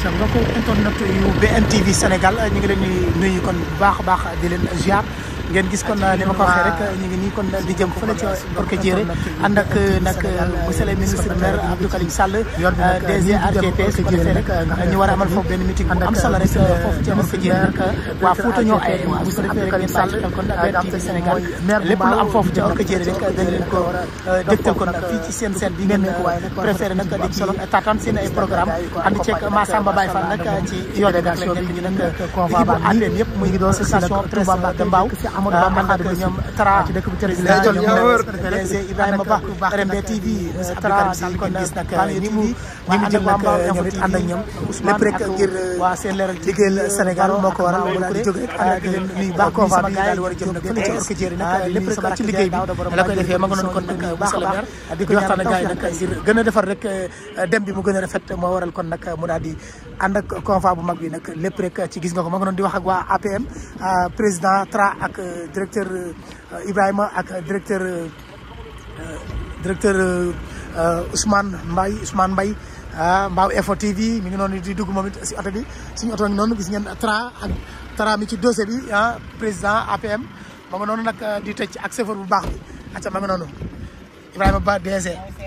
sa mbokk internet yu BNTV Sénégal ñu ngi leen di nuyu kon bu baax a baax di leen ziar. ngeen gis kon ni ma ko waxee rek ñu ngi nii kon di jëm fële ca Porto Diéré ànd ak nag monsieur ministre maire Abdou Karim Sall euh, DG RTP su ko ñu war a amal foofu ca Porto euh, lépp lu am foofu ca Porto Diéré rek dañ ko euh, dégtal ko nag fii ci seen seen bi ngeen ko préféré nag di ci seen ay programme ànd ceeg Massamba Baye Fall nag ci yoon bi nag ñu nag équipe bu àndeen yëpp muy association Touba Mbacke Mbao Amadou Bamba ak ñoom Tra ci dëkk bu président ñoom Ibrahima Ba RMB TV kon gis nag ni mu ñu ngi jël nag euh, ñoom it ànd ak ñoom lépp rek ngir euh, liggéeyal euh, Sénégal moo ko waral wala di jóg a jëm nag fële eh, ah, lépp rek liggéey bi a baax di ko waxtaan ak defar rek dem bi mu gën a moo waral kon nag mu daal di ak convoi bu mag bi nag lépp rek ci gis nga ko ma nga di wax ak waa président Tra ak directeur Ibrahima ak directeur directeur Euh, Ousmane Mbaye Ousmane Mbaye euh, Mbaaw Info TV mi ngi noonu di dugg moom si oto bi suñu oto ngi noonu gis ngeen tra ak tra mi ci dossier bi ah président APM ma nga noonu nag euh, di tëj ak chauffeur bu baax bi acca ma nga noonu Ibrahima Ba DG